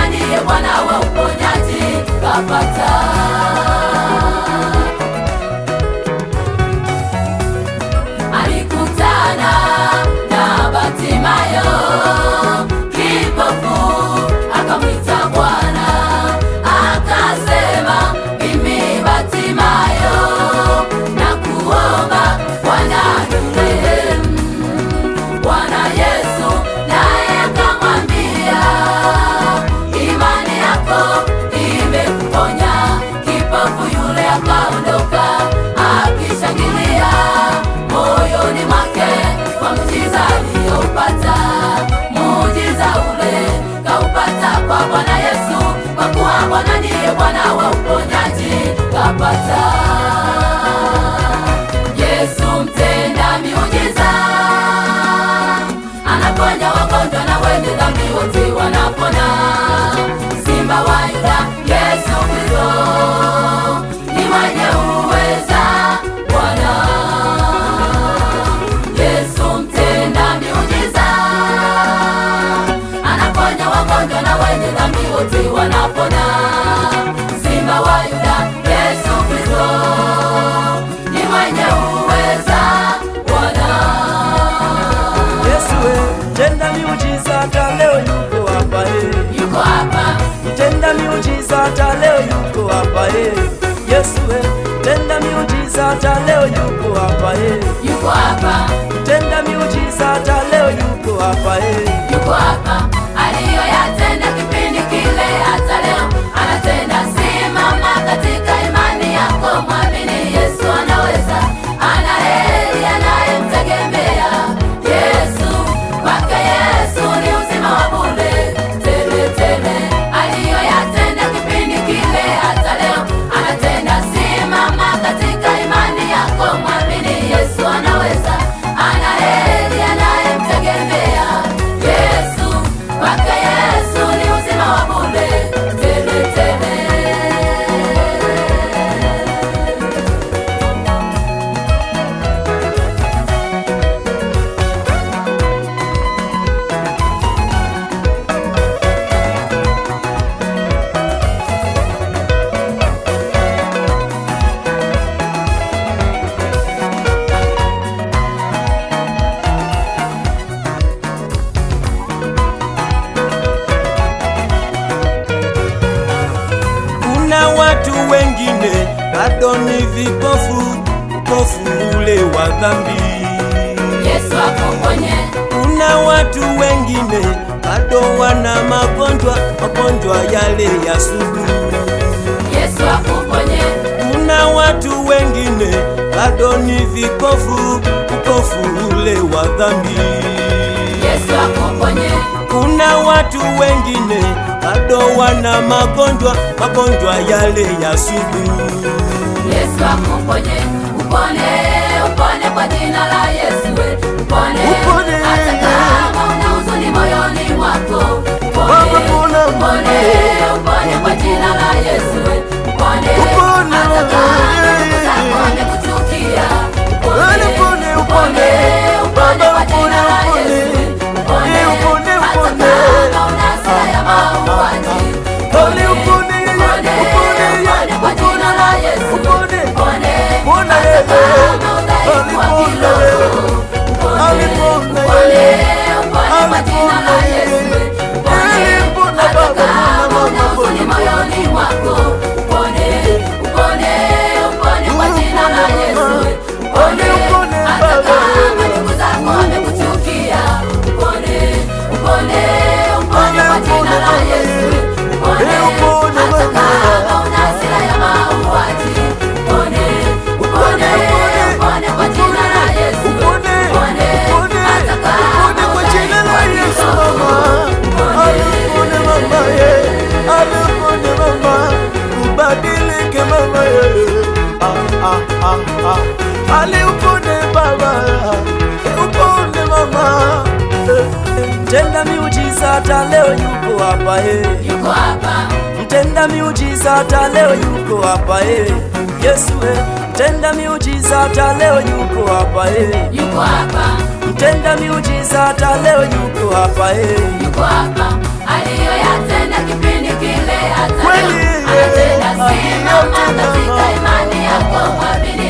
Bwana ndiye Bwana wa uponyaji, kapata Bwana Yesu, kwa kuwa Bwana ndiye Bwana wa uponyaji. Kapata Yesu mtenda miujiza, anaponya wagonjwa na wenye dhambi wote wanapona. wagonjwa na wenye dhambi wote wanapona. Simba wa Yuda, Yesu Kristo ni mwenye uweza. Bwana Yesu we tenda miujiza, hata leo yuko hapa, eh. yuko hapa, tenda miujiza, hata leo yuko hapa. Eh. Yesu we tenda miujiza, hata leo yuko hapa, eh. yuko hapa, tenda miujiza, hata leo yuko hapa. wengine bado ni vipofu, upofu ule wa dhambi. Yesu akuponye. Kuna watu wengine bado wana magonjwa, magonjwa yale ya sugu. Yesu akuponye. Kuna watu wengine bado ni vipofu, upofu ule wa dhambi watu wengine bado wana magonjwa, magonjwa yale ya sugu. Yesu akuponye, upone, upone kwa jina la Yesu, upone, upone. Hata kama Ali upone baba, upone mama, mtenda miujiza hata leo yuko hapa eh, yuko hapa mtenda miujiza hata leo yuko hapa eh, Yesu eh, mtenda miujiza hata leo yuko hapa eh, yuko hapa mtenda miujiza hata leo yuko hapa eh, yuko hapa aliyoyatenda kipindi kile hata leo eh. anatenda sema katika imani yako kwa bidii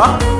감사합니다.